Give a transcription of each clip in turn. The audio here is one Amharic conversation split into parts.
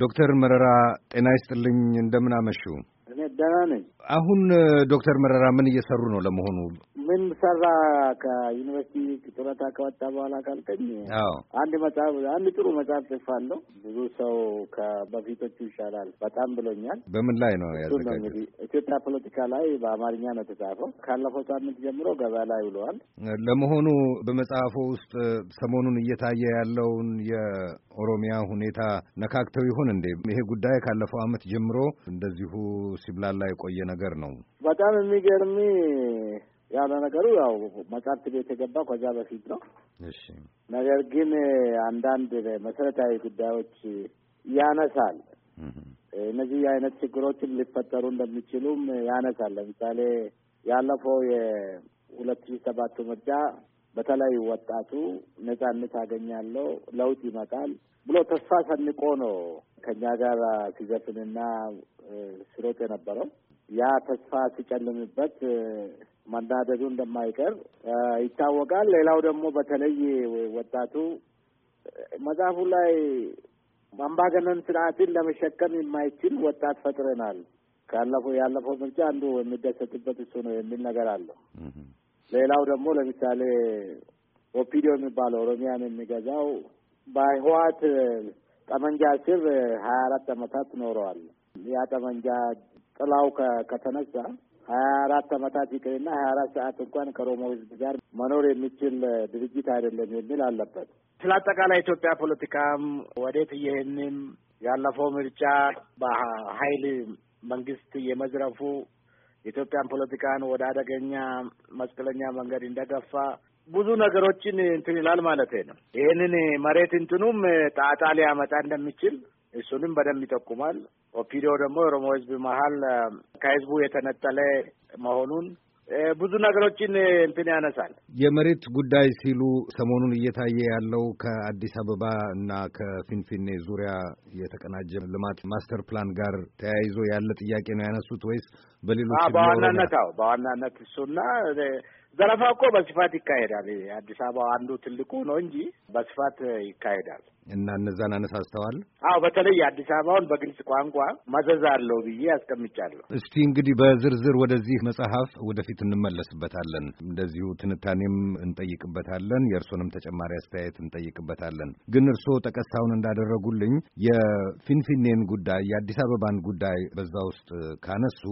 ዶክተር መረራ ጤና ይስጥልኝ። እንደምን አመሹ? ደህና ነኝ። አሁን ዶክተር መረራ ምን እየሰሩ ነው ለመሆኑ? ምን ሰራ? ከዩኒቨርሲቲ ጡረታ ከወጣ በኋላ ካልቀኝ፣ አንድ መጽሐፍ አንድ ጥሩ መጽሐፍ ጽፋለሁ። ብዙ ሰው ከበፊቶቹ ይሻላል በጣም ብሎኛል። በምን ላይ ነው ያዘጋጀው? ኢትዮጵያ ፖለቲካ ላይ በአማርኛ ነው የተጻፈው። ካለፈው ሳምንት ጀምሮ ገበያ ላይ ውለዋል። ለመሆኑ በመጽሐፉ ውስጥ ሰሞኑን እየታየ ያለውን የኦሮሚያ ሁኔታ ነካክተው ይሆን እንዴ? ይሄ ጉዳይ ካለፈው ዓመት ጀምሮ እንደዚሁ ሲብላ ሲያንላላ የቆየ ነገር ነው። በጣም የሚገርም ያለ ነገሩ ያው መጽሐፍት ቤት የገባ ከዛ በፊት ነው። እሺ ነገር ግን አንዳንድ መሰረታዊ ጉዳዮች ያነሳል። እነዚህ አይነት ችግሮችን ሊፈጠሩ እንደሚችሉም ያነሳል። ለምሳሌ ያለፈው የሁለት ሺ ሰባቱ ምርጫ በተለይ ወጣቱ ነጻነት አገኛለሁ፣ ለውጥ ይመጣል ብሎ ተስፋ ሰንቆ ነው ከእኛ ጋር ሲዘፍንና ሲሮጥ የነበረው ያ ተስፋ ሲጨልምበት መናደዱ እንደማይቀር ይታወቃል። ሌላው ደግሞ በተለይ ወጣቱ መጽሐፉ ላይ አምባገነን ስርዓትን ለመሸከም የማይችል ወጣት ፈጥረናል፣ ካለፈው ያለፈው ምርጫ አንዱ የሚደሰትበት እሱ ነው የሚል ነገር አለው። ሌላው ደግሞ ለምሳሌ ኦፒዲዮ የሚባለው ኦሮሚያን የሚገዛው በህወሓት ጠመንጃ ስር ሀያ አራት ዓመታት ኖረዋል። ያ ጠመንጃ ጥላው ከተነሳ ሀያ አራት ዓመታት ይቅርና ሀያ አራት ሰዓት እንኳን ከኦሮሞ ህዝብ ጋር መኖር የሚችል ድርጅት አይደለም የሚል አለበት። ስለ አጠቃላይ ኢትዮጵያ ፖለቲካም ወዴት ይህንም ያለፈው ምርጫ በኃይል መንግስት የመዝረፉ የኢትዮጵያን ፖለቲካን ወደ አደገኛ መስቀለኛ መንገድ እንደገፋ ብዙ ነገሮችን እንትን ይላል ማለት ነው። ይህንን መሬት እንትኑም ጣጣ ሊያመጣ እንደሚችል እሱንም በደንብ ይጠቁማል። ኦፒዲዮ ደግሞ የኦሮሞ ህዝብ መሀል ከህዝቡ የተነጠለ መሆኑን ብዙ ነገሮችን እንትን ያነሳል። የመሬት ጉዳይ ሲሉ ሰሞኑን እየታየ ያለው ከአዲስ አበባ እና ከፊንፊኔ ዙሪያ የተቀናጀ ልማት ማስተር ፕላን ጋር ተያይዞ ያለ ጥያቄ ነው ያነሱት ወይስ በሌሎች? በዋናነት አዎ፣ በዋናነት እሱና ዘረፋ እኮ በስፋት ይካሄዳል። አዲስ አበባ አንዱ ትልቁ ነው እንጂ በስፋት ይካሄዳል። እና እነዛን አነሳስተዋል። አዎ በተለይ አዲስ አበባውን በግልጽ ቋንቋ መዘዝ አለው ብዬ አስቀምጫለሁ። እስቲ እንግዲህ በዝርዝር ወደዚህ መጽሐፍ ወደፊት እንመለስበታለን። እንደዚሁ ትንታኔም እንጠይቅበታለን። የእርሶንም ተጨማሪ አስተያየት እንጠይቅበታለን። ግን እርስዎ ጠቀሳውን እንዳደረጉልኝ የፊንፊኔን ጉዳይ የአዲስ አበባን ጉዳይ በዛ ውስጥ ካነሱ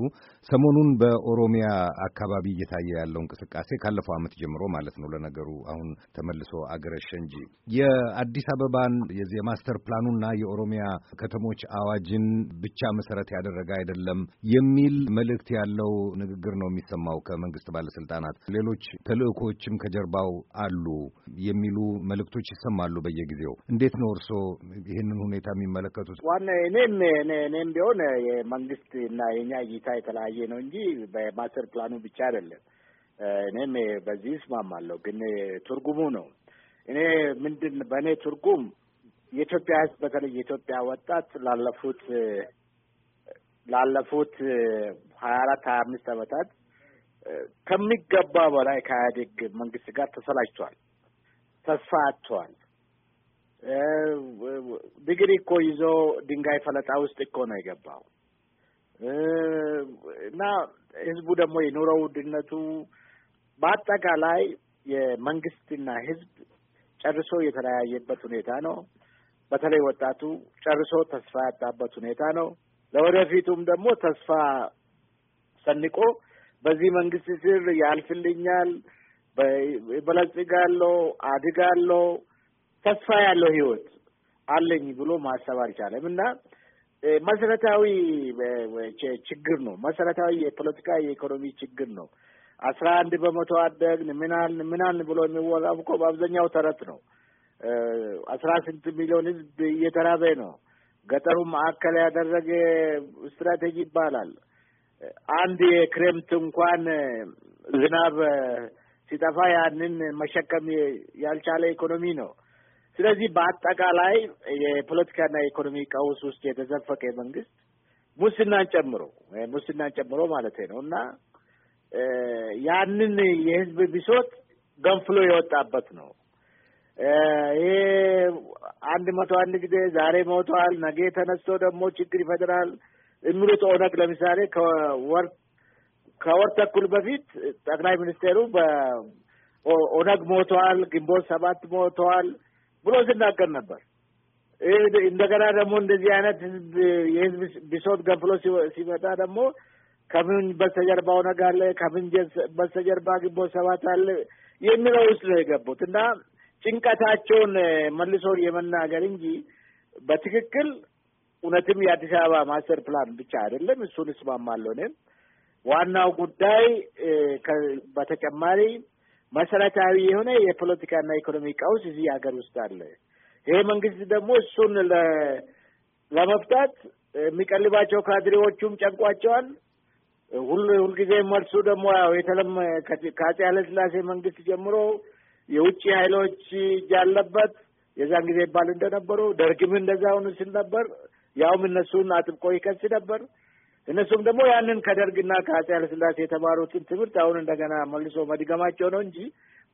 ሰሞኑን በኦሮሚያ አካባቢ እየታየ ያለው እንቅስቃሴ ካለፈው ዓመት ጀምሮ ማለት ነው። ለነገሩ አሁን ተመልሶ አገረሸ እንጂ የአዲስ አበባን የማስተር ፕላኑና የኦሮሚያ ከተሞች አዋጅን ብቻ መሰረት ያደረገ አይደለም የሚል መልእክት ያለው ንግግር ነው የሚሰማው ከመንግስት ባለስልጣናት። ሌሎች ተልእኮችም ከጀርባው አሉ የሚሉ መልእክቶች ይሰማሉ በየጊዜው። እንዴት ነው እርስዎ ይህንን ሁኔታ የሚመለከቱት? ዋና እኔም እኔም ቢሆን የመንግስት እና የኛ እይታ የተለያየ ነው እንጂ በማስተር ፕላኑ ብቻ አይደለም እኔም በዚህ እስማማለሁ። ግን ትርጉሙ ነው እኔ ምንድን በእኔ ትርጉም የኢትዮጵያ ሕዝብ በተለይ የኢትዮጵያ ወጣት ላለፉት ላለፉት ሀያ አራት ሀያ አምስት ዓመታት ከሚገባ በላይ ከኢህአዴግ መንግስት ጋር ተሰላጅቷል፣ ተስፋ አጥቷል። ዲግሪ እኮ ይዞ ድንጋይ ፈለጣ ውስጥ እኮ ነው የገባው እና ህዝቡ ደግሞ የኑሮ ውድነቱ በአጠቃላይ የመንግስትና ህዝብ ጨርሶ የተለያየበት ሁኔታ ነው። በተለይ ወጣቱ ጨርሶ ተስፋ ያጣበት ሁኔታ ነው። ለወደፊቱም ደግሞ ተስፋ ሰንቆ በዚህ መንግስት ስር ያልፍልኛል፣ በለጽጋለሁ፣ አድጋለሁ ተስፋ ያለው ህይወት አለኝ ብሎ ማሰብ አልቻለም እና መሰረታዊ ችግር ነው። መሰረታዊ የፖለቲካ የኢኮኖሚ ችግር ነው። አስራ አንድ በመቶ አደግን ምናልን ምናልን ብሎ የሚወራው እኮ በአብዛኛው ተረት ነው። አስራ ስንት ሚሊዮን ህዝብ እየተራበ ነው። ገጠሩ ማዕከል ያደረገ ስትራቴጂ ይባላል። አንድ የክረምት እንኳን ዝናብ ሲጠፋ ያንን መሸከም ያልቻለ ኢኮኖሚ ነው። ስለዚህ በአጠቃላይ የፖለቲካና የኢኮኖሚ ቀውስ ውስጥ የተዘፈቀ መንግስት ሙስናን ጨምሮ ሙስናን ጨምሮ ማለት ነው እና ያንን የህዝብ ብሶት ገንፍሎ የወጣበት ነው። ይሄ አንድ መቶ አንድ ጊዜ ዛሬ ሞቷል፣ ነገ ተነስቶ ደግሞ ችግር ይፈጥራል የሚሉት ኦነግ ለምሳሌ ከወር ከወር ተኩል በፊት ጠቅላይ ሚኒስቴሩ በኦነግ ሞቷል፣ ግንቦት ሰባት ሞቷል ብሎ ሲናገር ነበር። እንደገና ደግሞ እንደዚህ አይነት ህዝብ የህዝብ ብሶት ገንፍሎ ሲመጣ ደግሞ ከምን በስተጀርባው ነገ አለ፣ ከምን በስተጀርባ ግቦ ሰባት አለ የሚለው ውስጥ ነው የገቡት እና ጭንቀታቸውን መልሶ የመናገር እንጂ በትክክል እውነትም የአዲስ አበባ ማስተር ፕላን ብቻ አይደለም። እሱን እስማማለሁ እኔም ዋናው ጉዳይ በተጨማሪ መሰረታዊ የሆነ የፖለቲካና ኢኮኖሚ ቀውስ እዚህ ሀገር ውስጥ አለ። ይሄ መንግስት ደግሞ እሱን ለመፍታት የሚቀልባቸው ካድሬዎቹም ጨንቋቸዋል። ሁሉ ሁልጊዜ መልሱ ደግሞ ያው የተለመ ከአፄ ኃይለሥላሴ መንግስት ጀምሮ የውጭ ኃይሎች እጅ ያለበት የዛን ጊዜ ይባል እንደነበሩ ደርግም እንደዛ ሆኑ ሲል ነበር። ያውም እነሱን አጥብቆ ይከስ ነበር። እነሱም ደግሞ ያንን ከደርግና ከአጼ ኃይለሥላሴ የተማሩትን ትምህርት አሁን እንደገና መልሶ መድገማቸው ነው እንጂ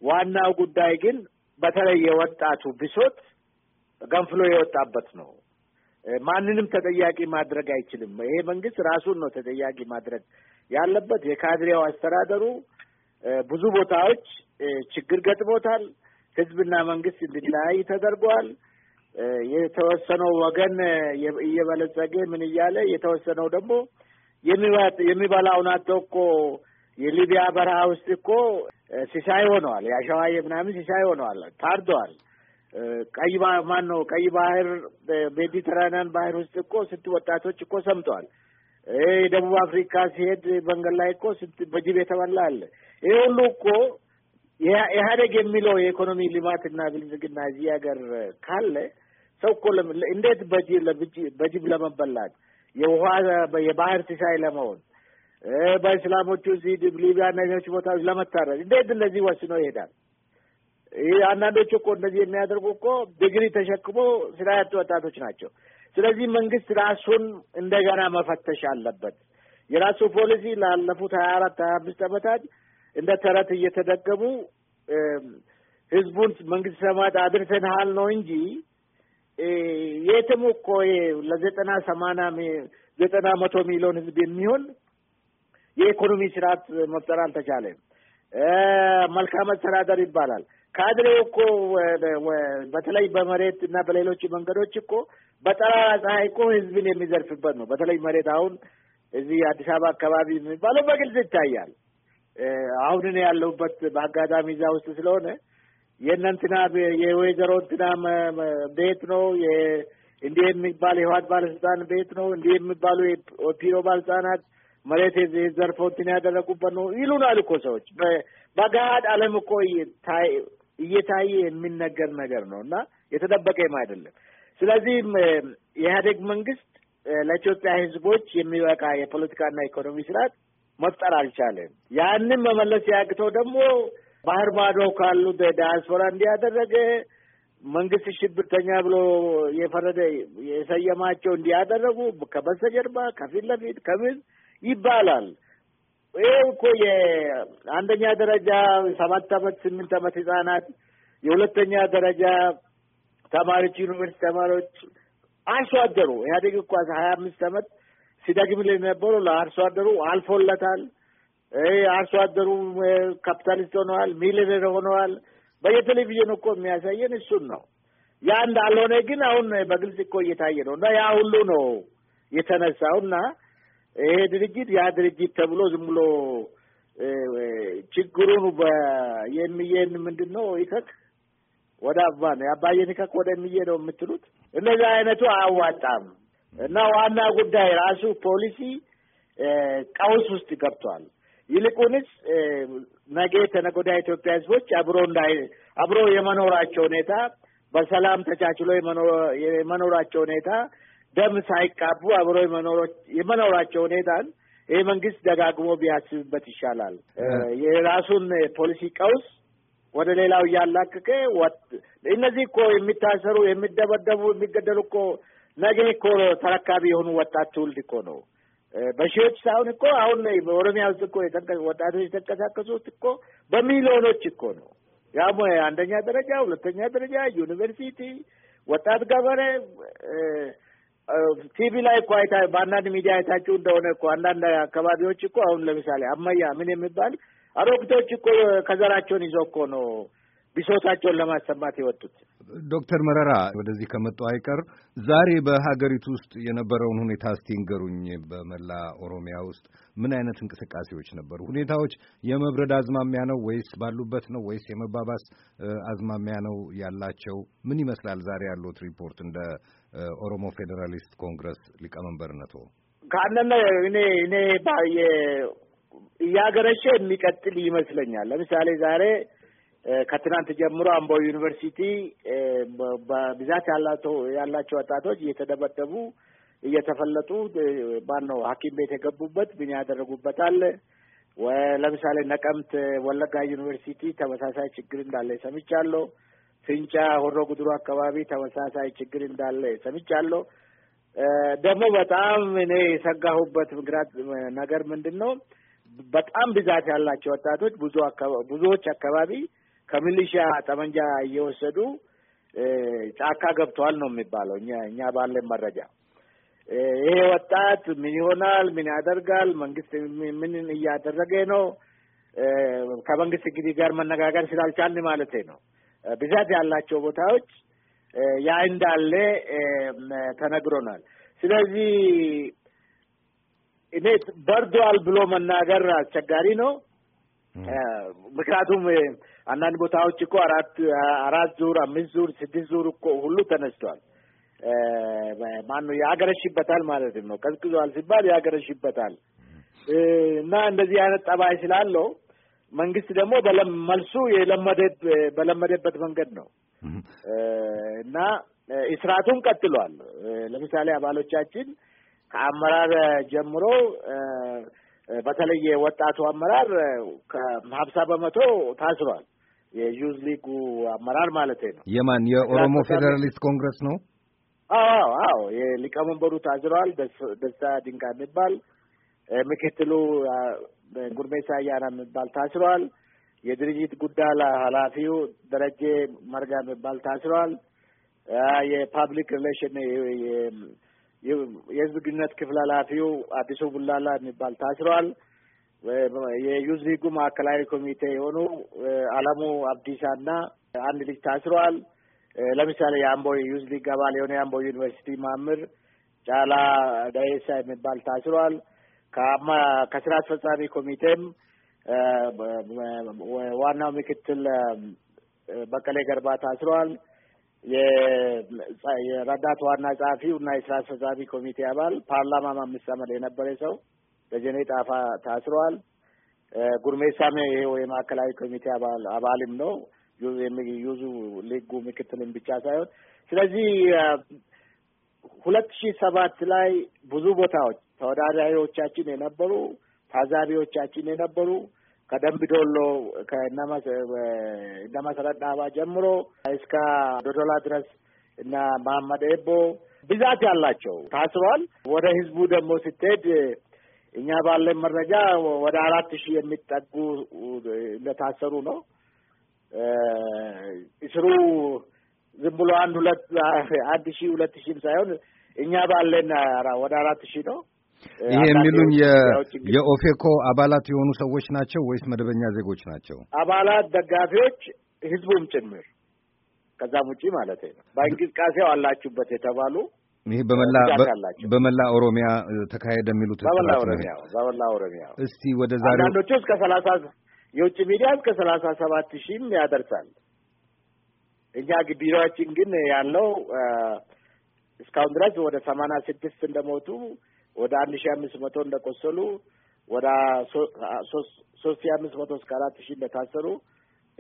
ዋናው ጉዳይ ግን በተለይ የወጣቱ ብሶት ገንፍሎ የወጣበት ነው። ማንንም ተጠያቂ ማድረግ አይችልም። ይሄ መንግስት ራሱን ነው ተጠያቂ ማድረግ ያለበት። የካድሬው አስተዳደሩ ብዙ ቦታዎች ችግር ገጥሞታል። ህዝብና መንግስት እንዲለያይ ተደርጓል። የተወሰነው ወገን እየበለጸገ ምን እያለ የተወሰነው ደግሞ የሚበላውን አጥቶ እኮ የሊቢያ በረሃ ውስጥ እኮ ሲሳይ ሆነዋል። የአሸዋ የምናምን ሲሳይ ሆነዋል። ታርደዋል። ቀይ ማን ነው ቀይ ባህር ሜዲትራንያን ባህር ውስጥ እኮ ስንት ወጣቶች እኮ ሰምተዋል። የደቡብ አፍሪካ ሲሄድ መንገድ ላይ እኮ ስንት በጅብ የተበላ አለ። ይህ ሁሉ እኮ ኢህአዴግ የሚለው የኢኮኖሚ ልማትና ብልጽግና እዚህ ሀገር ካለ ሰው እኮ እንዴት በጅብ ለመበላት የውሃ የባህር ትሳይ ለመሆን በእስላሞቹ ሊቢያ ነገሮች ቦታዎች ለመታረድ እንዴት እነዚህ ወስኖ ይሄዳል? ይህ አንዳንዶች እኮ እንደዚህ የሚያደርጉ እኮ ዲግሪ ተሸክሞ ስራ ያጡ ወጣቶች ናቸው። ስለዚህ መንግስት ራሱን እንደገና መፈተሽ አለበት። የራሱ ፖሊሲ ላለፉት ሀያ አራት ሀያ አምስት ዓመታት እንደ ተረት እየተደገሙ ህዝቡን መንግስት ሰማት አድርሰንሃል ነው እንጂ የትም እኮ ለዘጠና ሰማና ዘጠና መቶ ሚሊዮን ህዝብ የሚሆን የኢኮኖሚ ስርዓት መፍጠር አልተቻለም። መልካም አስተዳደር ይባላል። ካድሬው እኮ በተለይ በመሬት እና በሌሎች መንገዶች እኮ በጠራራ ፀሐይ እኮ ህዝብን የሚዘርፍበት ነው። በተለይ መሬት አሁን እዚህ አዲስ አበባ አካባቢ የሚባለው በግልጽ ይታያል። አሁን እኔ ያለሁበት በአጋጣሚ እዛ ውስጥ ስለሆነ የእነንትና የወይዘሮ እንትና ቤት ነው እንዲህ የሚባል የህዋት ባለስልጣን ቤት ነው እንዲህ የሚባሉ የፒሮ ባለስልጣናት መሬት ዘርፈው እንትን ያደረጉበት ነው ይሉናል እኮ ሰዎች። በገሃድ አለም እኮ እየታየ የሚነገር ነገር ነው እና የተደበቀም አይደለም። ስለዚህም የኢህአዴግ መንግስት ለኢትዮጵያ ህዝቦች የሚበቃ የፖለቲካና ኢኮኖሚ ስርዓት መፍጠር አልቻለም። ያንን መመለስ ያቅተው ደግሞ ባህር ማዶ ካሉ ዳያስፖራ እንዲያደረገ መንግስት ሽብርተኛ ብሎ የፈረደ የሰየማቸው እንዲያደረጉ ከበስተጀርባ ከፊት ለፊት ከምን ይባላል። ይሄ እኮ የአንደኛ ደረጃ ሰባት አመት ስምንት አመት ህጻናት የሁለተኛ ደረጃ ተማሪዎች፣ ዩኒቨርሲቲ ተማሪዎች፣ አርሶ አደሩ ኢህአዴግ እኮ ሀያ አምስት አመት ሲደግም የነበሩ ለአርሶ አደሩ አልፎለታል። አርሶ አደሩ ካፒታሊስት ሆነዋል፣ ሚሊነር ሆነዋል። በየቴሌቪዥን እኮ የሚያሳየን እሱን ነው። ያ እንዳልሆነ ግን አሁን በግልጽ እኮ እየታየ ነው። እና ያ ሁሉ ነው የተነሳው እና ይሄ ድርጅት ያ ድርጅት ተብሎ ዝም ብሎ ችግሩን የሚየን ምንድን ነው ይከክ ወደ አባ ነው የአባየን ይከክ ወደ የሚየ ነው የምትሉት። እንደዚህ አይነቱ አያዋጣም እና ዋና ጉዳይ ራሱ ፖሊሲ ቀውስ ውስጥ ገብቷል። ይልቁንስ ነገ ተነጎዳ ኢትዮጵያ ህዝቦች አብሮ እንዳይ አብሮ የመኖራቸው ሁኔታ በሰላም ተቻችሎ የመኖራቸው ሁኔታ ደም ሳይቃቡ አብሮ የመኖራቸው ሁኔታን ይህ መንግስት ደጋግሞ ቢያስብበት ይሻላል። የራሱን ፖሊሲ ቀውስ ወደ ሌላው እያላቀቀ እነዚህ እኮ የሚታሰሩ የሚደበደቡ የሚገደሉ እኮ ነገ እኮ ተረካቢ የሆኑ ወጣት ትውልድ እኮ ነው። በሺዎች ሳይሆን እኮ አሁን በኦሮሚያ ውስጥ እኮ ወጣቶች የተንቀሳቀሱት እኮ በሚሊዮኖች እኮ ነው። ያም አንደኛ ደረጃ፣ ሁለተኛ ደረጃ ዩኒቨርሲቲ ወጣት ገበሬ ቲቪ ላይ እኮ አይታ በአንዳንድ ሚዲያ አይታችሁ እንደሆነ እኮ አንዳንድ አካባቢዎች እኮ አሁን ለምሳሌ አመያ ምን የሚባል አሮጊቶች እኮ ከዘራቸውን ይዘው እኮ ነው ብሶታቸውን ለማሰማት የወጡት። ዶክተር መረራ ወደዚህ ከመጡ አይቀር ዛሬ በሀገሪቱ ውስጥ የነበረውን ሁኔታ እስቲ ንገሩኝ። በመላ ኦሮሚያ ውስጥ ምን አይነት እንቅስቃሴዎች ነበሩ? ሁኔታዎች የመብረድ አዝማሚያ ነው ወይስ ባሉበት ነው ወይስ የመባባስ አዝማሚያ ነው ያላቸው? ምን ይመስላል ዛሬ ያሉት ሪፖርት እንደ ኦሮሞ ፌዴራሊስት ኮንግረስ ሊቀመንበርነቶ? ከአንደና እኔ እኔ እያገረሸ የሚቀጥል ይመስለኛል። ለምሳሌ ዛሬ ከትናንት ጀምሮ አምቦ ዩኒቨርሲቲ በብዛት ያላቸው ወጣቶች እየተደበደቡ እየተፈለጡ ማነው ሐኪም ቤት የገቡበት ምን ያደረጉበታል? ለምሳሌ ነቀምት ወለጋ ዩኒቨርሲቲ ተመሳሳይ ችግር እንዳለ ሰምቻለሁ። ፍንጫ ሆሮ ጉድሩ አካባቢ ተመሳሳይ ችግር እንዳለ ሰምቻለሁ። ደግሞ በጣም እኔ የሰጋሁበት ምክንያት ነገር ምንድን ነው? በጣም ብዛት ያላቸው ወጣቶች ብዙ ብዙዎች አካባቢ ከሚሊሻ ጠመንጃ እየወሰዱ ጫካ ገብተዋል ነው የሚባለው። እኛ ባለን መረጃ ይሄ ወጣት ምን ይሆናል? ምን ያደርጋል? መንግስት ምን እያደረገ ነው? ከመንግስት እንግዲህ ጋር መነጋገር ስላልቻልን ማለት ነው። ብዛት ያላቸው ቦታዎች ያ እንዳለ ተነግሮናል። ስለዚህ እኔ በርዷል ብሎ መናገር አስቸጋሪ ነው። ምክንያቱም አንዳንድ ቦታዎች እኮ አራት አራት ዙር አምስት ዙር ስድስት ዙር እኮ ሁሉ ተነስቷል። ማነው ያገረሽበታል ማለት ነው። ቀዝቅዟል ሲባል ያገረሽበታል እና እንደዚህ አይነት ጠባይ ስላለው መንግስት ደግሞ መልሱ የለመደ በለመደበት መንገድ ነው እና እስራቱን ቀጥሏል። ለምሳሌ አባሎቻችን ከአመራር ጀምሮ በተለይ ወጣቱ አመራር ከሀምሳ በመቶ ታስሯል። የዩዝ ሊጉ አመራር ማለት ነው። የማን የኦሮሞ ፌዴራሊስት ኮንግረስ ነው? አዎ አዎ፣ የሊቀመንበሩ ታዝረዋል። ደስታ ድንቃ የሚባል ምክትሉ ጉርሜሳ አያና የሚባል ታስረዋል። የድርጅት ጉዳይ ኃላፊው ደረጀ መርጋ የሚባል ታስረዋል። የፓብሊክ ሪሌሽን የህዝብ ግንኙነት ክፍል ኃላፊው አዲሱ ቡላላ የሚባል ታስረዋል። የዩዝ ሊጉ ማዕከላዊ ኮሚቴ የሆኑ አለሙ አብዲሳ እና አንድ ልጅ ታስረዋል። ለምሳሌ የአምቦ ዩዝ ሊግ አባል የሆነ የአምቦ ዩኒቨርሲቲ ማምር ጫላ ዳይሳ የሚባል ታስረዋል። ከስራ አስፈጻሚ ኮሚቴም ዋናው ምክትል በቀሌ ገርባ ታስረዋል። የረዳት ዋና ጸሐፊው እና የስራ አስፈጻሚ ኮሚቴ አባል ፓርላማ አምስት ዓመት የነበረ ሰው ደጀኔ ጣፋ ታስረዋል። ጉርሜሳም ይሄው የማዕከላዊ ኮሚቴ አባልም ነው ዩዙ ሊጉ ምክትልም ብቻ ሳይሆን ስለዚህ ሁለት ሺህ ሰባት ላይ ብዙ ቦታዎች ተወዳዳሪዎቻችን የነበሩ ታዛቢዎቻችን የነበሩ ከደንብ ዶሎ እነ መሰረት ዳባ ጀምሮ እስከ ዶዶላ ድረስ እና መሐመድ ኤቦ ብዛት ያላቸው ታስሯል። ወደ ህዝቡ ደግሞ ስትሄድ እኛ ባለን መረጃ ወደ አራት ሺህ የሚጠጉ እንደታሰሩ ነው። እስሩ ዝም ብሎ አንድ ሁለት አንድ ሺህ ሁለት ሺህም ሳይሆን እኛ ባለን ወደ አራት ሺህ ነው። ይሄ የሚሉን የኦፌኮ አባላት የሆኑ ሰዎች ናቸው ወይስ መደበኛ ዜጎች ናቸው? አባላት፣ ደጋፊዎች፣ ህዝቡም ጭምር ከዛም ውጪ ማለት ነው። በእንቅስቃሴው አላችሁበት የተባሉ ይሄ በመላ በመላ ኦሮሚያ ተካሄደ የሚሉት በመላ ኦሮሚያ በመላ ኦሮሚያ እስቲ ወደ ዛሬ አንዳንዶቹ እስከ ሰላሳ የውጭ ሚዲያ እስከ ሰላሳ ሰባት ሺህም ያደርሳል። እኛ ቢሮችን ግን ያለው እስካሁን ድረስ ወደ ሰማንያ ስድስት እንደሞቱ ወደ አንድ ሺህ አምስት መቶ እንደቆሰሉ ወደ ሶስት ሺህ አምስት መቶ እስከ አራት ሺህ እንደታሰሩ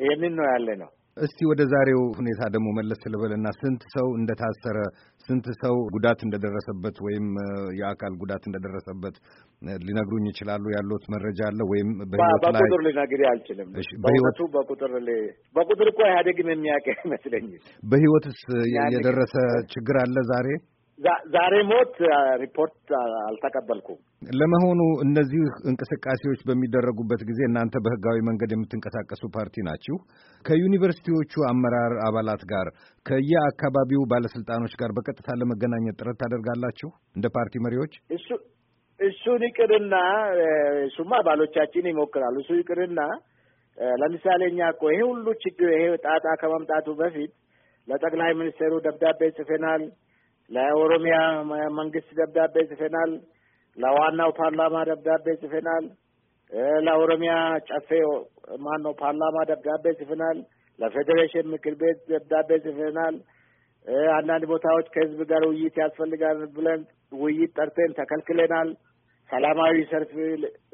ይህንን ነው ያለ ነው። እስቲ ወደ ዛሬው ሁኔታ ደግሞ መለስ ልበልና ስንት ሰው እንደታሰረ ስንት ሰው ጉዳት እንደደረሰበት ወይም የአካል ጉዳት እንደደረሰበት ሊነግሩኝ ይችላሉ? ያሉት መረጃ አለ ወይም በህይወት ላይ በቁጥር ልነግርህ አልችልም። በህይወቱ በቁጥር በቁጥር እኮ ኢህአዴግን የሚያውቅ አይመስለኝም። በህይወትስ የደረሰ ችግር አለ ዛሬ ዛሬ ሞት ሪፖርት አልተቀበልኩም። ለመሆኑ እነዚህ እንቅስቃሴዎች በሚደረጉበት ጊዜ እናንተ በህጋዊ መንገድ የምትንቀሳቀሱ ፓርቲ ናችሁ። ከዩኒቨርሲቲዎቹ አመራር አባላት ጋር ከየአካባቢው ባለስልጣኖች ጋር በቀጥታ ለመገናኘት ጥረት ታደርጋላችሁ እንደ ፓርቲ መሪዎች? እሱ እሱን ይቅርና እሱማ አባሎቻችን ይሞክራሉ። እሱ ይቅርና ለምሳሌ እኛ እኮ ይሄ ሁሉ ችግር ይሄ ጣጣ ከመምጣቱ በፊት ለጠቅላይ ሚኒስትሩ ደብዳቤ ጽፌናል። ለኦሮሚያ መንግስት ደብዳቤ ጽፌናል። ለዋናው ፓርላማ ደብዳቤ ጽፌናል። ለኦሮሚያ ጨፌ ማነው ፓርላማ ደብዳቤ ጽፈናል። ለፌዴሬሽን ምክር ቤት ደብዳቤ ጽፈናል። አንዳንድ ቦታዎች ከህዝብ ጋር ውይይት ያስፈልጋል ብለን ውይይት ጠርተን ተከልክለናል። ሰላማዊ ሰልፍ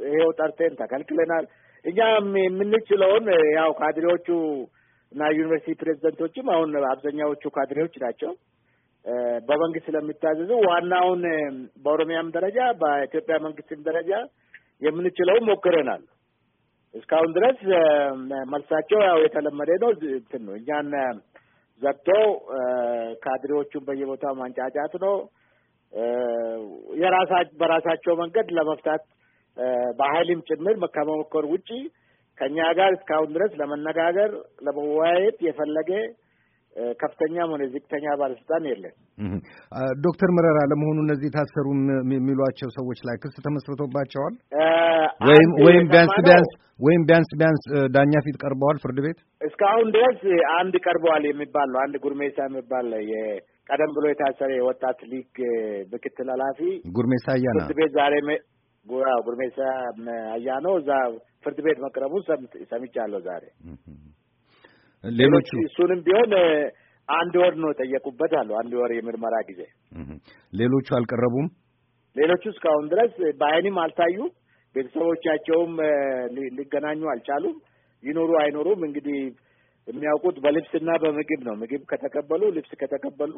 ይሄው ጠርተን ተከልክለናል። እኛ የምንችለውን ያው ካድሬዎቹ እና ዩኒቨርሲቲ ፕሬዚደንቶችም አሁን አብዛኛዎቹ ካድሬዎች ናቸው በመንግስት ስለሚታዘዙ ዋናውን በኦሮሚያም ደረጃ በኢትዮጵያ መንግስትም ደረጃ የምንችለው ሞክረናል። እስካሁን ድረስ መልሳቸው ያው የተለመደ ነው። እንትን ነው እኛን ዘግቶ ካድሬዎቹን በየቦታው ማንጫጫት ነው። የራሳ በራሳቸው መንገድ ለመፍታት በሀይልም ጭምር ከመሞከር ውጪ ከእኛ ጋር እስካሁን ድረስ ለመነጋገር ለመወያየት የፈለገ ከፍተኛም ሆነ ዝቅተኛ ባለስልጣን የለም። ዶክተር መረራ ለመሆኑ እነዚህ የታሰሩ የሚሏቸው ሰዎች ላይ ክስ ተመስርቶባቸዋል ወይም ወይም ቢያንስ ቢያንስ ወይም ቢያንስ ቢያንስ ዳኛ ፊት ቀርበዋል ፍርድ ቤት? እስካሁን ድረስ አንድ ቀርበዋል የሚባል ነው። አንድ ጉርሜሳ የሚባል የቀደም ብሎ የታሰረ የወጣት ሊግ ምክትል ኃላፊ ጉርሜሳ አያና ፍርድ ቤት ዛሬ ጉርሜሳ አያና እዛ ፍርድ ቤት መቅረቡ ሰምቻለሁ ዛሬ ሌሎቹ እሱንም ቢሆን አንድ ወር ነው ጠየቁበት አሉ። አንድ ወር የምርመራ ጊዜ። ሌሎቹ አልቀረቡም። ሌሎቹ እስካሁን ድረስ በአይንም አልታዩ፣ ቤተሰቦቻቸውም ሊገናኙ አልቻሉም። ይኖሩ አይኖሩም እንግዲህ የሚያውቁት በልብስና በምግብ ነው። ምግብ ከተቀበሉ፣ ልብስ ከተቀበሉ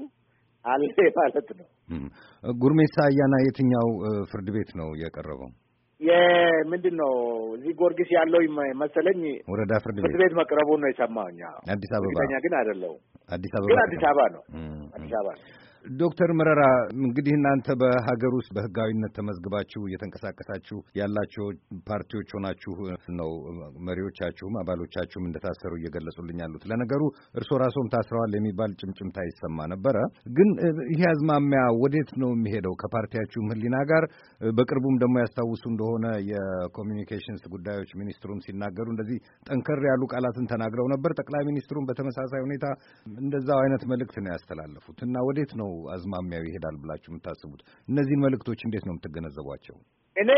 አለ ማለት ነው። ጉርሜሳ አያና የትኛው ፍርድ ቤት ነው የቀረበው? የምንድን ነው እዚህ ጊዮርጊስ ያለው መሰለኝ ወረዳ ፍርድ ቤት ቤት መቅረቡን ነው የሰማሁኝ። አዲስ አበባ ግን አይደለሁም። አዲስ አበባ ግን አዲስ አበባ ነው። አዲስ አበባ ነው። ዶክተር መረራ እንግዲህ እናንተ በሀገር ውስጥ በህጋዊነት ተመዝግባችሁ እየተንቀሳቀሳችሁ ያላቸው ፓርቲዎች ሆናችሁ ነው መሪዎቻችሁም አባሎቻችሁም እንደታሰሩ እየገለጹልኝ ያሉት። ለነገሩ እርስዎ ራስዎም ታስረዋል የሚባል ጭምጭምታ ይሰማ ነበረ። ግን ይህ አዝማሚያ ወዴት ነው የሚሄደው? ከፓርቲያችሁም ህሊና ጋር በቅርቡም ደግሞ ያስታውሱ እንደሆነ የኮሚኒኬሽንስ ጉዳዮች ሚኒስትሩም ሲናገሩ እንደዚህ ጠንከር ያሉ ቃላትን ተናግረው ነበር። ጠቅላይ ሚኒስትሩም በተመሳሳይ ሁኔታ እንደዛው አይነት መልእክት ነው ያስተላለፉት እና ወዴት ነው ነው አዝማሚያው ይሄዳል ብላችሁ የምታስቡት? እነዚህን መልእክቶች እንዴት ነው የምትገነዘቧቸው? እኔ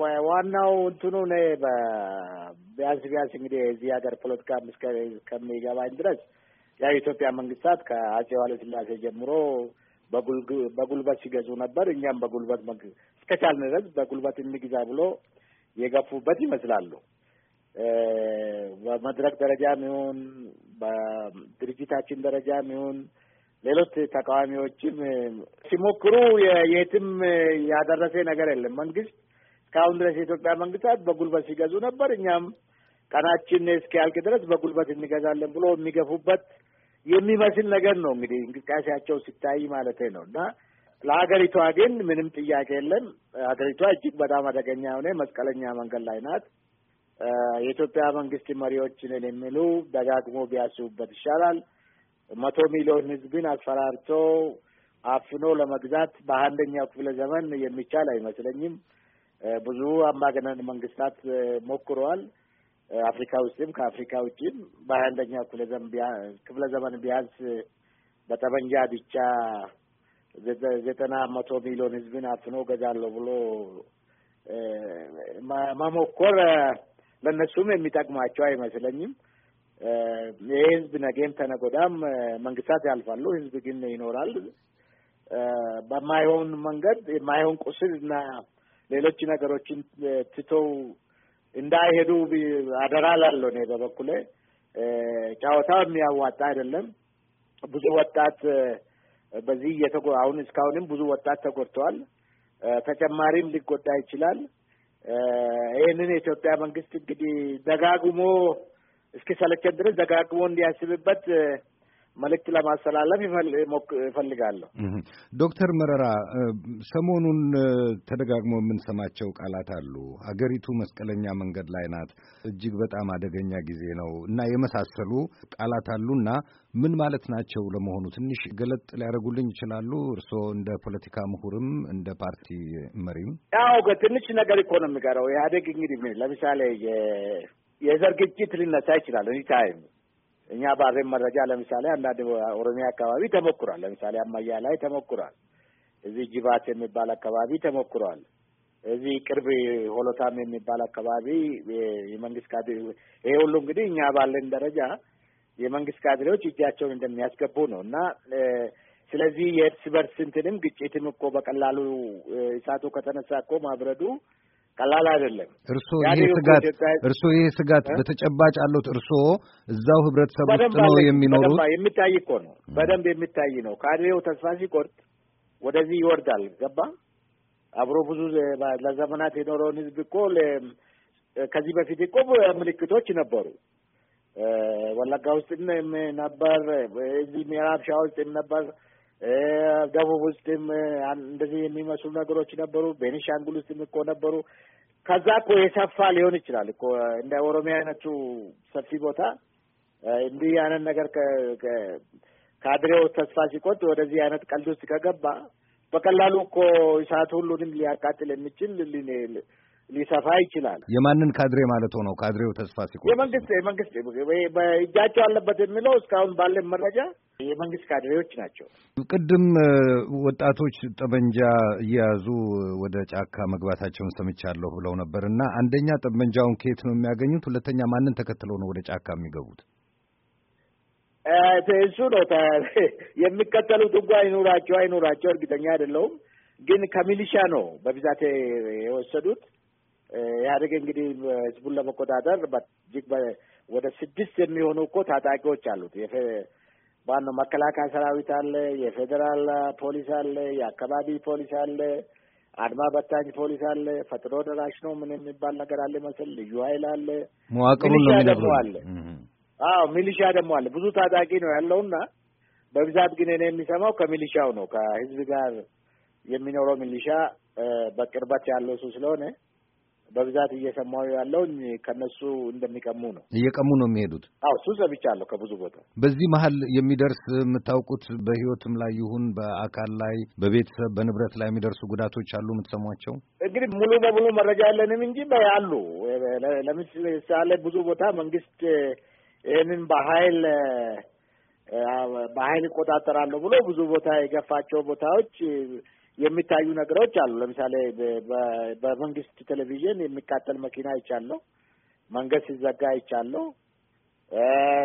በዋናው እንትኑ እኔ ቢያንስ ቢያንስ እንግዲህ የዚህ ሀገር ፖለቲካ እስከሚገባኝ ድረስ ያው የኢትዮጵያ መንግስታት ከአጼ ስላሴ ጀምሮ በጉልበት ሲገዙ ነበር። እኛም በጉልበት እስከቻልን ድረስ በጉልበት እንግዛ ብሎ የገፉበት ይመስላሉ። በመድረክ ደረጃም ይሁን በድርጅታችን ደረጃም ይሁን ሌሎች ተቃዋሚዎችም ሲሞክሩ የትም ያደረሰ ነገር የለም። መንግስት እስካሁን ድረስ የኢትዮጵያ መንግስታት በጉልበት ሲገዙ ነበር። እኛም ቀናችን እስኪያልቅ ድረስ በጉልበት እንገዛለን ብሎ የሚገፉበት የሚመስል ነገር ነው እንግዲህ እንቅስቃሴያቸው ሲታይ ማለት ነው። እና ለሀገሪቷ ግን ምንም ጥያቄ የለም። ሀገሪቷ እጅግ በጣም አደገኛ የሆነ መስቀለኛ መንገድ ላይ ናት። የኢትዮጵያ መንግስት መሪዎችን የሚሉ ደጋግሞ ቢያስቡበት ይሻላል። መቶ ሚሊዮን ህዝብን አስፈራርቶ አፍኖ ለመግዛት በአንደኛው ክፍለ ዘመን የሚቻል አይመስለኝም። ብዙ አምባገነን መንግስታት ሞክረዋል። አፍሪካ ውስጥም ከአፍሪካ ውጭም በአንደኛው ክፍለ ዘመን ቢያንስ በጠመንጃ ብቻ ዘጠና መቶ ሚሊዮን ህዝብን አፍኖ ገዛለሁ ብሎ መሞከር ለእነሱም የሚጠቅማቸው አይመስለኝም። የህዝብ ነገም ተነጎዳም መንግስታት ያልፋሉ፣ ህዝብ ግን ይኖራል። በማይሆን መንገድ የማይሆን ቁስል እና ሌሎች ነገሮችን ትተው እንዳይሄዱ አደራ ላለው እኔ በበኩሌ ጨዋታ የሚያዋጣ አይደለም። ብዙ ወጣት በዚህ እየተጎ አሁን እስካሁንም ብዙ ወጣት ተጎድተዋል። ተጨማሪም ሊጎዳ ይችላል። ይህንን የኢትዮጵያ መንግስት እንግዲህ ደጋግሞ እስኪ ድረስ ደጋግሞ እንዲያስብበት መልእክት ለማስተላለፍ ይፈልጋለሁ። ዶክተር መረራ ሰሞኑን ተደጋግሞ የምንሰማቸው ቃላት አሉ። አገሪቱ መስቀለኛ መንገድ ላይ ናት፣ እጅግ በጣም አደገኛ ጊዜ ነው እና የመሳሰሉ ቃላት አሉና ምን ማለት ናቸው ለመሆኑ? ትንሽ ገለጥ ሊያደርጉልኝ ይችላሉ? እርስዎ እንደ ፖለቲካ ምሁርም እንደ ፓርቲ መሪም። ያው ትንሽ ነገር እኮ ነው የሚቀረው። ኢህአዴግ እንግዲህ ለምሳሌ የዘር ግጭት ሊነሳ ይችላል። እኒ ታይም እኛ ባሬን መረጃ ለምሳሌ አንዳንድ ኦሮሚያ አካባቢ ተሞክሯል። ለምሳሌ አማያ ላይ ተሞክሯል። እዚህ ጅባት የሚባል አካባቢ ተሞክሯል። እዚህ ቅርብ ሆሎታም የሚባል አካባቢ የመንግስት ካድሬ ይሄ ሁሉ እንግዲህ እኛ ባለን ደረጃ የመንግስት ካድሬዎች እጃቸውን እንደሚያስገቡ ነው እና ስለዚህ የእርስ በርስ እንትንም ግጭትም እኮ በቀላሉ እሳቱ ከተነሳ እኮ ማብረዱ ቀላል አይደለም። እርስዎ ይሄ ስጋት እርስዎ ይሄ ስጋት በተጨባጭ አሉት? እርስዎ እዛው ህብረተሰብ ውስጥ ነው የሚኖሩት? የሚታይ እኮ ነው፣ በደንብ የሚታይ ነው። ካድሬው ተስፋ ሲቆርጥ ወደዚህ ይወርዳል። ገባ አብሮ ብዙ ለዘመናት የኖረውን ህዝብ እኮ ከዚህ በፊት እኮ ምልክቶች ነበሩ። ወለጋ ውስጥ ነበር፣ እዚህ ምዕራብ ሸዋ ውስጥ ነበር ደቡብ ውስጥም እንደዚህ የሚመስሉ ነገሮች ነበሩ። ቤኒሻንጉል ውስጥም እኮ ነበሩ። ከዛ እኮ የሰፋ ሊሆን ይችላል እኮ እንደ ኦሮሚያ አይነቱ ሰፊ ቦታ እንዲህ ያንን ነገር ካድሬው ተስፋ ሲቆጥ ወደዚህ አይነት ቀልድ ውስጥ ከገባ በቀላሉ እኮ እሳት ሁሉንም ሊያቃጥል የሚችል ሊሰፋ ይችላል። የማንን ካድሬ ማለት ሆነው? ካድሬው ተስፋ ሲቆ የመንግስት የመንግስት እጃቸው አለበት የሚለው እስካሁን ባለ መረጃ የመንግስት ካድሬዎች ናቸው። ቅድም ወጣቶች ጠመንጃ እየያዙ ወደ ጫካ መግባታቸውን ሰምቻለሁ ብለው ነበር እና አንደኛ ጠመንጃውን ከየት ነው የሚያገኙት? ሁለተኛ ማንን ተከትለው ነው ወደ ጫካ የሚገቡት? እሱ ነው የሚከተሉት። እንኳ አይኑራቸው አይኑራቸው እርግጠኛ አይደለውም። ግን ከሚሊሻ ነው በብዛት የወሰዱት ኢህአዴግ እንግዲህ ህዝቡን ለመቆጣጠር እጅግ ወደ ስድስት የሚሆኑ እኮ ታጣቂዎች አሉት። ዋናው መከላከያ ሰራዊት አለ፣ የፌዴራል ፖሊስ አለ፣ የአካባቢ ፖሊስ አለ፣ አድማ በታኝ ፖሊስ አለ፣ ፈጥኖ ደራሽ ነው ምን የሚባል ነገር አለ መሰል፣ ልዩ ኃይል አለ፣ መዋቅሩን አለ። አዎ ሚሊሻ ደግሞ አለ። ብዙ ታጣቂ ነው ያለውና በብዛት ግን እኔ የሚሰማው ከሚሊሻው ነው። ከህዝብ ጋር የሚኖረው ሚሊሻ በቅርበት ያለው እሱ ስለሆነ በብዛት እየሰማሁ ያለውኝ ከነሱ እንደሚቀሙ ነው። እየቀሙ ነው የሚሄዱት። አዎ እሱ ሰምቻለሁ ከብዙ ቦታ። በዚህ መሀል የሚደርስ የምታውቁት በህይወትም ላይ ይሁን በአካል ላይ በቤተሰብ በንብረት ላይ የሚደርሱ ጉዳቶች አሉ የምትሰሟቸው? እንግዲህ ሙሉ በሙሉ መረጃ የለንም እንጂ አሉ። ለምሳሌ ብዙ ቦታ መንግስት ይህንን በሀይል በሀይል ይቆጣጠራለሁ ብሎ ብዙ ቦታ የገፋቸው ቦታዎች የሚታዩ ነገሮች አሉ። ለምሳሌ በመንግስት ቴሌቪዥን የሚቃጠል መኪና አይቻለሁ። መንገድ ሲዘጋ አይቻለሁ።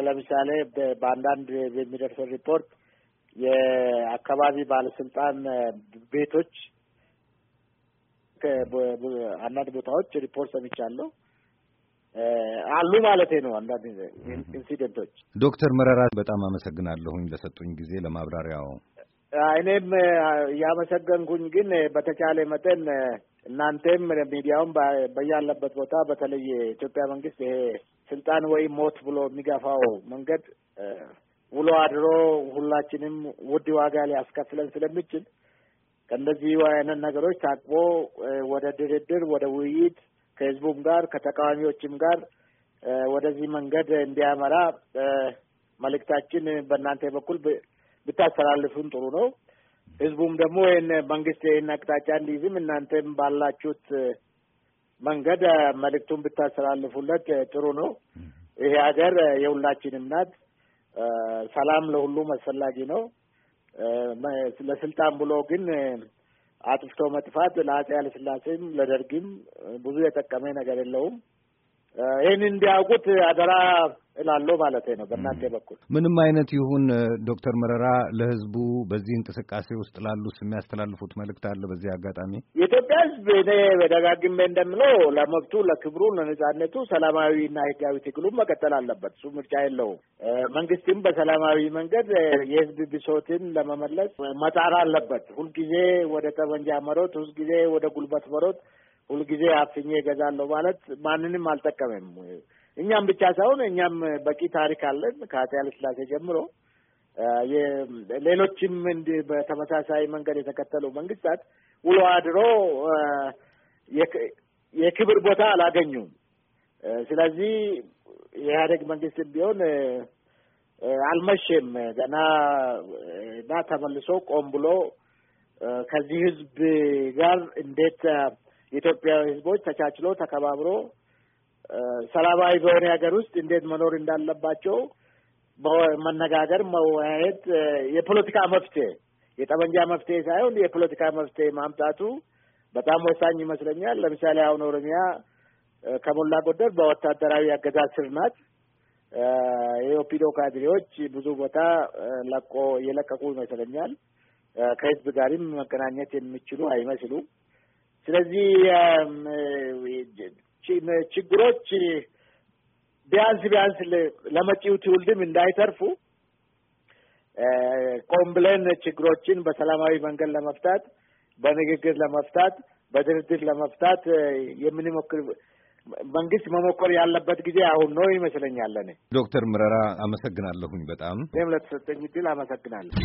ለምሳሌ በአንዳንድ የሚደርሰን ሪፖርት የአካባቢ ባለስልጣን ቤቶች አንዳንድ ቦታዎች ሪፖርት ሰምቻለሁ አሉ ማለት ነው። አንዳንድ ኢንሲደንቶች። ዶክተር መረራ በጣም አመሰግናለሁኝ ለሰጡኝ ጊዜ ለማብራሪያው። እኔም እያመሰገንኩኝ ግን በተቻለ መጠን እናንተም ሚዲያውም በያለበት ቦታ በተለይ የኢትዮጵያ መንግስት ይሄ ስልጣን ወይም ሞት ብሎ የሚገፋው መንገድ ውሎ አድሮ ሁላችንም ውድ ዋጋ ሊያስከፍለን ስለሚችል ከእንደዚህ አይነት ነገሮች ታቅቦ ወደ ድርድር፣ ወደ ውይይት ከህዝቡም ጋር ከተቃዋሚዎችም ጋር ወደዚህ መንገድ እንዲያመራ መልእክታችን በእናንተ በኩል ብታስተላልፉን ጥሩ ነው። ህዝቡም ደግሞ ይህን መንግስት ይህን አቅጣጫ እንዲይዝም እናንተም ባላችሁት መንገድ መልእክቱን ብታስተላልፉለት ጥሩ ነው። ይሄ ሀገር የሁላችንም ናት። ሰላም ለሁሉም አስፈላጊ ነው። ለስልጣን ብሎ ግን አጥፍቶ መጥፋት ለአፄ ኃይለሥላሴም ለደርግም ብዙ የጠቀመ ነገር የለውም። ይህን እንዲያውቁት አደራ እላለሁ ማለት ነው። በእናንተ በኩል ምንም አይነት ይሁን ዶክተር መረራ ለህዝቡ በዚህ እንቅስቃሴ ውስጥ ላሉ የሚያስተላልፉት መልእክት አለ? በዚህ አጋጣሚ የኢትዮጵያ ህዝብ እኔ በደጋግሜ እንደምለው ለመብቱ፣ ለክብሩ፣ ለነጻነቱ ሰላማዊና ህጋዊ ትግሉም መቀጠል አለበት። እሱ ምርጫ የለውም። መንግስትም በሰላማዊ መንገድ የህዝብ ብሶትን ለመመለስ መጣር አለበት። ሁልጊዜ ወደ ጠመንጃ መሮት ሁልጊዜ ወደ ጉልበት መሮት። ሁልጊዜ አፍኜ እገዛለሁ ማለት ማንንም አልጠቀመም። እኛም ብቻ ሳይሆን እኛም በቂ ታሪክ አለን ከአፄ ኃይለ ጀምሮ ሌሎችም እንዲ በተመሳሳይ መንገድ የተከተሉ መንግስታት ውሎ አድሮ የክብር ቦታ አላገኙም። ስለዚህ የኢህአደግ መንግስት ቢሆን አልመሸም ገና እና ተመልሶ ቆም ብሎ ከዚህ ህዝብ ጋር እንዴት የኢትዮጵያዊ ህዝቦች ተቻችሎ ተከባብሮ ሰላማዊ በሆነ ሀገር ውስጥ እንዴት መኖር እንዳለባቸው መነጋገር፣ መወያየት የፖለቲካ መፍትሄ የጠመንጃ መፍትሄ ሳይሆን የፖለቲካ መፍትሄ ማምጣቱ በጣም ወሳኝ ይመስለኛል። ለምሳሌ አሁን ኦሮሚያ ከሞላ ጎደል በወታደራዊ አገዛዝ ስር ናት። የኦፒዶ ካድሬዎች ብዙ ቦታ ለቆ እየለቀቁ ይመስለኛል። ከህዝብ ጋርም መገናኘት የሚችሉ አይመስሉም። ስለዚህ ችግሮች ቢያንስ ቢያንስ ለመጪው ትውልድም እንዳይተርፉ ቆም ብለን ችግሮችን በሰላማዊ መንገድ ለመፍታት በንግግር ለመፍታት በድርድር ለመፍታት የምንሞክር መንግስት መሞከር ያለበት ጊዜ አሁን ነው ይመስለኛለን። ዶክተር ምረራ አመሰግናለሁኝ በጣም እኔም ለተሰጠኝ እድል አመሰግናለሁ።